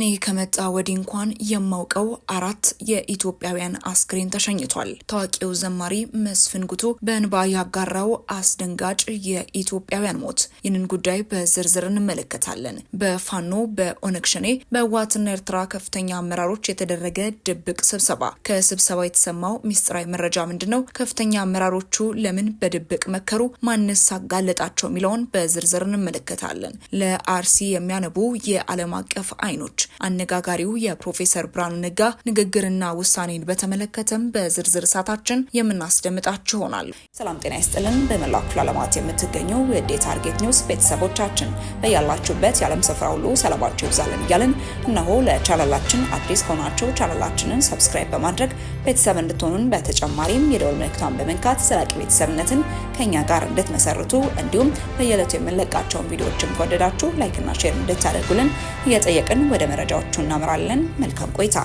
እኔ ከመጣ ወዲህ እንኳን የማውቀው አራት የኢትዮጵያውያን አስክሬን ተሸኝቷል። ታዋቂው ዘማሪ መስፍን ጉቱ በእንባ ያጋራው አስደንጋጭ የኢትዮጵያውያን ሞት። ይህንን ጉዳይ በዝርዝር እንመለከታለን። በፋኖ በኦነግ ሸኔ በህወሓትና ኤርትራ ከፍተኛ አመራሮች የተደረገ ድብቅ ስብሰባ። ከስብሰባ የተሰማው ሚስጥራዊ መረጃ ምንድን ነው? ከፍተኛ አመራሮቹ ለምን በድብቅ መከሩ? ማንስ አጋለጣቸው? የሚለውን በዝርዝር እንመለከታለን። ለአርሲ የሚያነቡ የዓለም አቀፍ አይኖች አነጋጋሪው የፕሮፌሰር ብርሃኑ ነጋ ንግግርና ውሳኔን በተመለከተም በዝርዝር እሳታችን የምናስደምጣችሁ ይሆናል። ሰላም ጤና ይስጥልን። በመላው ክፍለ ዓለማት የምትገኙ የዴ ታርጌት ኒውስ ቤተሰቦቻችን በያላችሁበት የዓለም ስፍራ ሁሉ ሰላማችሁ ይብዛልን እያልን እነሆ ለቻናላችን አዲስ ከሆናችሁ ቻናላችንን ሰብስክራይብ በማድረግ ቤተሰብ እንድትሆኑን በተጨማሪም የደወል ምልክቷን በመንካት ዘላቂ ቤተሰብነትን ከኛ ጋር እንድትመሰርቱ እንዲሁም በየዕለቱ የምንለቃቸውን ቪዲዮዎችን ከወደዳችሁ ላይክና ሼር እንድታደርጉልን እየጠየቅን ወደ መረጃዎቹ እናምራለን። መልካም ቆይታ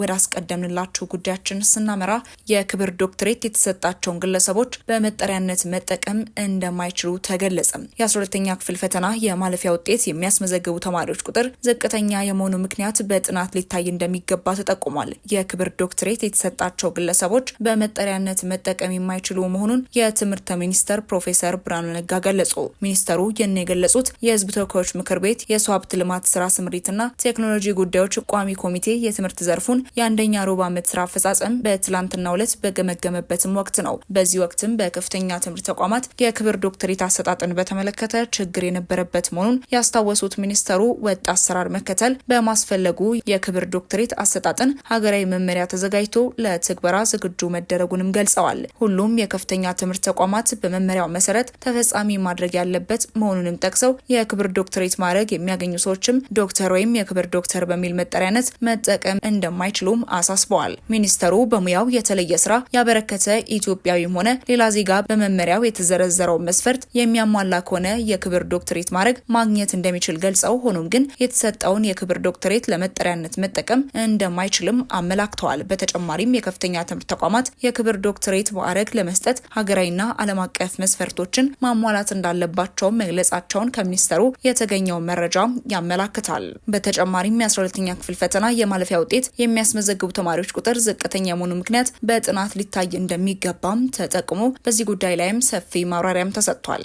ወደ አስቀደምንላችሁ ጉዳያችን ስናመራ የክብር ዶክትሬት የተሰጣቸውን ግለሰቦች በመጠሪያነት መጠቀም እንደማይችሉ ተገለጸም። የ12ተኛ ክፍል ፈተና የማለፊያ ውጤት የሚያስመዘግቡ ተማሪዎች ቁጥር ዝቅተኛ የመሆኑ ምክንያት በጥናት ሊታይ እንደሚገባ ተጠቁሟል። የክብር ዶክትሬት የተሰጣቸው ግለሰቦች በመጠሪያነት መጠቀም የማይችሉ መሆኑን የትምህርት ሚኒስተር ፕሮፌሰር ብርሃኑ ነጋ ገለጹ። ሚኒስተሩ ይህን የገለጹት የህዝብ ተወካዮች ምክር ቤት የሰው ሀብት ልማት ስራ ስምሪትና ቴክኖሎጂ ጉዳዮች ቋሚ ኮሚቴ የትምህርት ዘርፉን ሲሆን የአንደኛ ሩብ ዓመት ስራ አፈጻጸም በትላንትናው ዕለት በገመገመበትም ወቅት ነው። በዚህ ወቅትም በከፍተኛ ትምህርት ተቋማት የክብር ዶክትሬት አሰጣጥን በተመለከተ ችግር የነበረበት መሆኑን ያስታወሱት ሚኒስተሩ ወጥ አሰራር መከተል በማስፈለጉ የክብር ዶክትሬት አሰጣጥን ሀገራዊ መመሪያ ተዘጋጅቶ ለትግበራ ዝግጁ መደረጉንም ገልጸዋል። ሁሉም የከፍተኛ ትምህርት ተቋማት በመመሪያው መሰረት ተፈጻሚ ማድረግ ያለበት መሆኑንም ጠቅሰው የክብር ዶክትሬት ማድረግ የሚያገኙ ሰዎችም ዶክተር ወይም የክብር ዶክተር በሚል መጠሪያነት መጠቀም እንደማይ እንደማይችሉም አሳስበዋል። ሚኒስተሩ በሙያው የተለየ ስራ ያበረከተ ኢትዮጵያዊም ሆነ ሌላ ዜጋ በመመሪያው የተዘረዘረውን መስፈርት የሚያሟላ ከሆነ የክብር ዶክትሬት ማድረግ ማግኘት እንደሚችል ገልጸው ሆኖም ግን የተሰጠውን የክብር ዶክትሬት ለመጠሪያነት መጠቀም እንደማይችልም አመላክተዋል። በተጨማሪም የከፍተኛ ትምህርት ተቋማት የክብር ዶክትሬት ማዕረግ ለመስጠት ሀገራዊና ዓለም አቀፍ መስፈርቶችን ማሟላት እንዳለባቸውም መግለጻቸውን ከሚኒስተሩ የተገኘው መረጃ ያመላክታል። በተጨማሪም የ12ኛ ክፍል ፈተና የማለፊያ ውጤት የሚያስመዘግቡ ተማሪዎች ቁጥር ዝቅተኛ የመሆኑ ምክንያት በጥናት ሊታይ እንደሚገባም ተጠቅሞ በዚህ ጉዳይ ላይም ሰፊ ማብራሪያም ተሰጥቷል።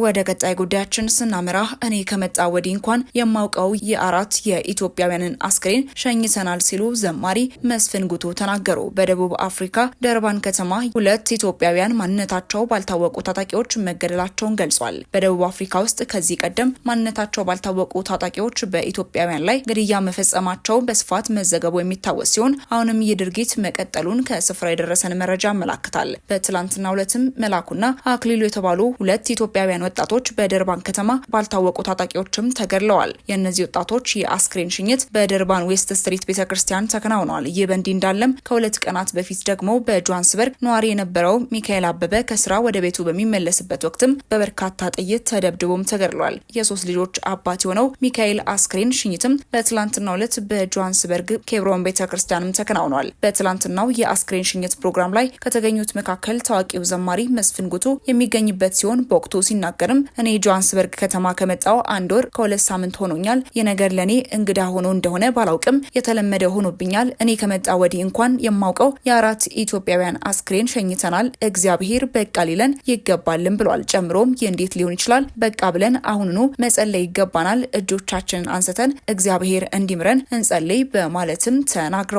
ወደ ቀጣይ ጉዳያችን ስናመራ እኔ ከመጣ ወዲህ እንኳን የማውቀው የአራት የኢትዮጵያውያንን አስክሬን ሸኝተናል ሲሉ ዘማሪ መስፍን ጉቱ ተናገሩ። በደቡብ አፍሪካ ደርባን ከተማ ሁለት ኢትዮጵያውያን ማንነታቸው ባልታወቁ ታጣቂዎች መገደላቸውን ገልጿል። በደቡብ አፍሪካ ውስጥ ከዚህ ቀደም ማንነታቸው ባልታወቁ ታጣቂዎች በኢትዮጵያውያን ላይ ግድያ መፈጸማቸው በስፋት መዘገቡ የሚታወስ ሲሆን አሁንም ይህ ድርጊት መቀጠሉን ከስፍራ የደረሰን መረጃ ያመላክታል። በትላንትናው ዕለትም መላኩና አክሊሉ የተባሉ ሁለት ኢትዮጵያውያን ኢትዮጵያውያን ወጣቶች በደርባን ከተማ ባልታወቁ ታጣቂዎችም ተገድለዋል። የእነዚህ ወጣቶች የአስክሬን ሽኝት በደርባን ዌስት ስትሪት ቤተ ክርስቲያን ተከናውኗል። ይህ በእንዲህ እንዳለም ከሁለት ቀናት በፊት ደግሞ በጆሃንስበርግ ነዋሪ የነበረው ሚካኤል አበበ ከስራ ወደ ቤቱ በሚመለስበት ወቅትም በበርካታ ጥይት ተደብድቦም ተገድሏል። የሶስት ልጆች አባት የሆነው ሚካኤል አስክሬን ሽኝትም በትላንትናው ዕለት በጆሃንስበርግ ኬብሮን ቤተ ክርስቲያንም ተከናውኗል። በትላንትናው የአስክሬን ሽኝት ፕሮግራም ላይ ከተገኙት መካከል ታዋቂው ዘማሪ መስፍን ጉቱ የሚገኝበት ሲሆን በወቅቱ ሲናገ ቢናገርም እኔ ጆሃንስበርግ ከተማ ከመጣው አንድ ወር ከሁለት ሳምንት ሆኖኛል። ይህ ነገር ለእኔ እንግዳ ሆኖ እንደሆነ ባላውቅም የተለመደ ሆኖብኛል። እኔ ከመጣ ወዲህ እንኳን የማውቀው የአራት ኢትዮጵያውያን አስክሬን ሸኝተናል። እግዚአብሔር በቃ ሊለን ይገባልን ብሏል። ጨምሮም ይህ እንዴት ሊሆን ይችላል? በቃ ብለን አሁኑኑ መጸለይ ይገባናል። እጆቻችንን አንስተን እግዚአብሔር እንዲምረን እንጸልይ በማለትም ተናግረዋል።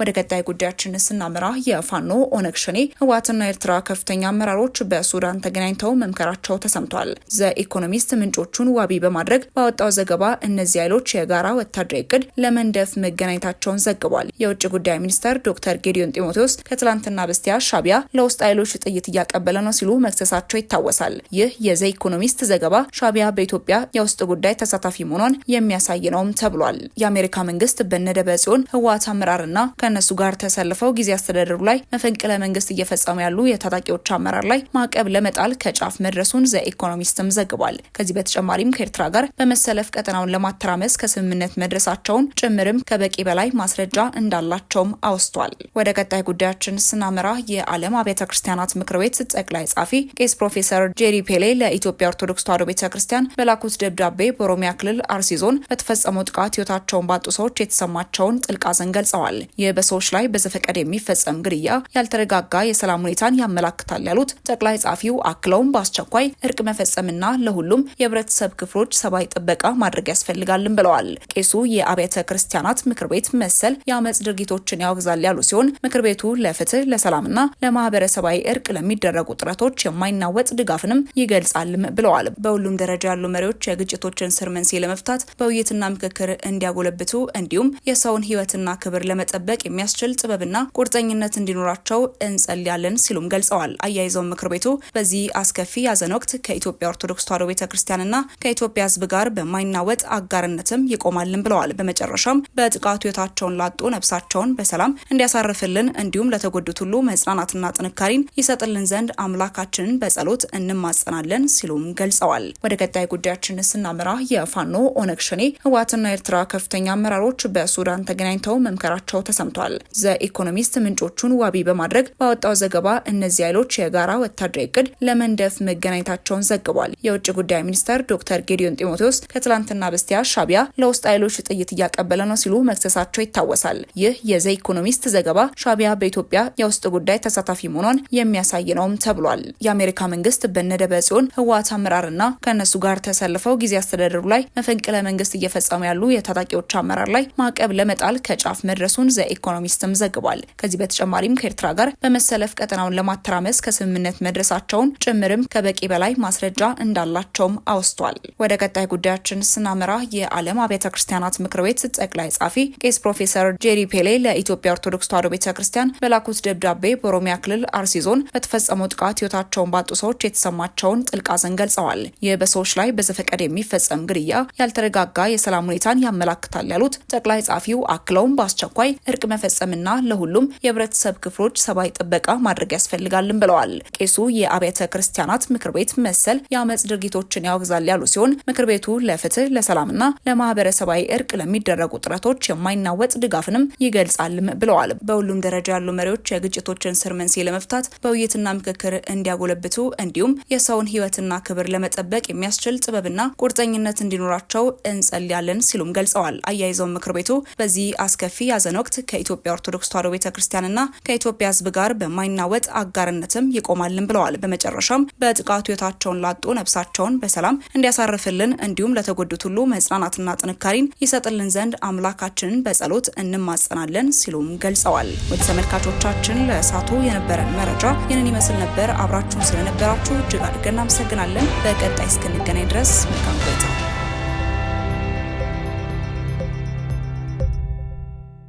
ወደ ቀጣይ ጉዳያችን ስናመራ የፋኖ ኦነግ ሸኔ ህወሓትና ኤርትራ ከፍተኛ አመራሮች በሱዳን ተገናኝተው መምከራቸው ተሰምቷል። ዘ ኢኮኖሚስት ምንጮቹን ዋቢ በማድረግ ባወጣው ዘገባ እነዚህ ኃይሎች የጋራ ወታደራዊ እቅድ ለመንደፍ መገናኘታቸውን ዘግቧል። የውጭ ጉዳይ ሚኒስተር ዶክተር ጌዲዮን ጢሞቴዎስ ከትላንትና በስቲያ ሻቢያ ለውስጥ ኃይሎች ጥይት እያቀበለ ነው ሲሉ መክሰሳቸው ይታወሳል። ይህ የዘ ኢኮኖሚስት ዘገባ ሻቢያ በኢትዮጵያ የውስጥ ጉዳይ ተሳታፊ መሆኗን የሚያሳይ ነውም ተብሏል። የአሜሪካ መንግስት በነደበ ጽዮን ህወሓት አመራርና ከእነሱ ጋር ተሰልፈው ጊዜ አስተዳደሩ ላይ መፈንቅለ መንግስት እየፈጸሙ ያሉ የታጣቂዎች አመራር ላይ ማዕቀብ ለመጣል ከጫፍ መድረሱን ዘኢኮኖሚስትም ዘግቧል። ከዚህ በተጨማሪም ከኤርትራ ጋር በመሰለፍ ቀጠናውን ለማተራመስ ከስምምነት መድረሳቸውን ጭምርም ከበቂ በላይ ማስረጃ እንዳላቸውም አውስቷል። ወደ ቀጣይ ጉዳያችን ስናመራ የዓለም አብያተ ክርስቲያናት ምክር ቤት ጠቅላይ ጻፊ ቄስ ፕሮፌሰር ጄሪ ፔሌ ለኢትዮጵያ ኦርቶዶክስ ተዋሕዶ ቤተ ክርስቲያን በላኩት ደብዳቤ በኦሮሚያ ክልል አርሲ ዞን በተፈጸመው ጥቃት ሕይወታቸውን ባጡ ሰዎች የተሰማቸውን ጥልቅ ሐዘን ገልጸዋል። በሰዎች ላይ በዘፈቀድ የሚፈጸም ግድያ ያልተረጋጋ የሰላም ሁኔታን ያመላክታል ያሉት ጠቅላይ ጸሐፊው አክለውም በአስቸኳይ እርቅ መፈጸምና ለሁሉም የህብረተሰብ ክፍሎች ሰብአዊ ጥበቃ ማድረግ ያስፈልጋልን ብለዋል። ቄሱ የአብያተ ክርስቲያናት ምክር ቤት መሰል የአመፅ ድርጊቶችን ያወግዛል ያሉ ሲሆን ምክር ቤቱ ለፍትህ ለሰላምና ለማህበረሰባዊ እርቅ ለሚደረጉ ጥረቶች የማይናወጥ ድጋፍንም ይገልጻልም ብለዋል። በሁሉም ደረጃ ያሉ መሪዎች የግጭቶችን ስር መንስኤ ለመፍታት በውይይትና ምክክር እንዲያጎለብቱ እንዲሁም የሰውን ህይወትና ክብር ለመጠበቅ የሚያስችል ጥበብና ቁርጠኝነት እንዲኖራቸው እንጸልያለን ሲሉም ገልጸዋል። አያይዘውም ምክር ቤቱ በዚህ አስከፊ ያዘን ወቅት ከኢትዮጵያ ኦርቶዶክስ ተዋሕዶ ቤተ ክርስቲያንና ከኢትዮጵያ ሕዝብ ጋር በማይናወጥ አጋርነትም ይቆማልን ብለዋል። በመጨረሻም በጥቃቱ ሕይወታቸውን ላጡ ነፍሳቸውን በሰላም እንዲያሳርፍልን እንዲሁም ለተጎዱት ሁሉ መጽናናትና ጥንካሬን ይሰጥልን ዘንድ አምላካችንን በጸሎት እንማጸናለን ሲሉም ገልጸዋል። ወደ ቀጣይ ጉዳያችን ስናምራ የፋኖ ኦነግ ሸኔ ህወሓትና ኤርትራ ከፍተኛ አመራሮች በሱዳን ተገናኝተው መምከራቸው ተሰምቷል። ተሰምቷል። ዘ ኢኮኖሚስት ምንጮቹን ዋቢ በማድረግ ባወጣው ዘገባ እነዚህ ኃይሎች የጋራ ወታደራዊ እቅድ ለመንደፍ መገናኘታቸውን ዘግቧል። የውጭ ጉዳይ ሚኒስተር ዶክተር ጌዲዮን ጢሞቴዎስ ከትላንትና በስቲያ ሻቢያ ለውስጥ ኃይሎች ጥይት እያቀበለ ነው ሲሉ መክሰሳቸው ይታወሳል። ይህ የዘ ኢኮኖሚስት ዘገባ ሻቢያ በኢትዮጵያ የውስጥ ጉዳይ ተሳታፊ መሆኗን የሚያሳይ ነውም ተብሏል። የአሜሪካ መንግስት በነደበ ጽዮን ህወሓት አመራርና ከእነሱ ጋር ተሰልፈው ጊዜ አስተዳደሩ ላይ መፈንቅለ መንግስት እየፈጸሙ ያሉ የታጣቂዎች አመራር ላይ ማዕቀብ ለመጣል ከጫፍ መድረሱን ዘ ኢኮኖሚስትም ዘግቧል። ከዚህ በተጨማሪም ከኤርትራ ጋር በመሰለፍ ቀጠናውን ለማተራመስ ከስምምነት መድረሳቸውን ጭምርም ከበቂ በላይ ማስረጃ እንዳላቸውም አውስቷል። ወደ ቀጣይ ጉዳያችን ስናመራ የዓለም አብያተ ክርስቲያናት ምክር ቤት ጠቅላይ ጻፊ ቄስ ፕሮፌሰር ጄሪ ፔሌ ለኢትዮጵያ ኦርቶዶክስ ተዋሕዶ ቤተ ክርስቲያን በላኩት ደብዳቤ በኦሮሚያ ክልል አርሲ ዞን በተፈጸመው ጥቃት ሕይወታቸውን ባጡ ሰዎች የተሰማቸውን ጥልቅ ሐዘን ገልጸዋል። ይህ በሰዎች ላይ በዘፈቀድ የሚፈጸም ግድያ ያልተረጋጋ የሰላም ሁኔታን ያመላክታል ያሉት ጠቅላይ ጻፊው አክለውም በአስቸኳይ እርቅ መፈጸምና ለሁሉም የህብረተሰብ ክፍሎች ሰብአዊ ጥበቃ ማድረግ ያስፈልጋልን ብለዋል። ቄሱ የአብያተ ክርስቲያናት ምክር ቤት መሰል የአመፅ ድርጊቶችን ያወግዛል ያሉ ሲሆን ምክር ቤቱ ለፍትህ ለሰላምና ለማህበረሰባዊ እርቅ ለሚደረጉ ጥረቶች የማይናወጥ ድጋፍንም ይገልጻልም ብለዋል። በሁሉም ደረጃ ያሉ መሪዎች የግጭቶችን ስር መንስኤ ለመፍታት በውይይትና ምክክር እንዲያጎለብቱ እንዲሁም የሰውን ህይወትና ክብር ለመጠበቅ የሚያስችል ጥበብና ቁርጠኝነት እንዲኖራቸው እንጸልያለን ሲሉም ገልጸዋል። አያይዘው ምክር ቤቱ በዚህ አስከፊ ያዘን ወቅት ከኢትዮጵያ ኦርቶዶክስ ተዋሕዶ ቤተ ክርስቲያንና ከኢትዮጵያ ሕዝብ ጋር በማይናወጥ አጋርነትም ይቆማልን ብለዋል። በመጨረሻም በጥቃቱ ሕይወታቸውን ላጡ ነፍሳቸውን በሰላም እንዲያሳርፍልን እንዲሁም ለተጎዱት ሁሉ መጽናናትና ጥንካሬን ይሰጥልን ዘንድ አምላካችንን በጸሎት እንማጸናለን ሲሉም ገልጸዋል። ወደ ተመልካቾቻችን ለእሳቱ የነበረን መረጃ ይህንን ይመስል ነበር። አብራችሁን ስለነበራችሁ እጅግ አድርገን እናመሰግናለን። በቀጣይ እስክንገናኝ ድረስ መልካም ቆይታ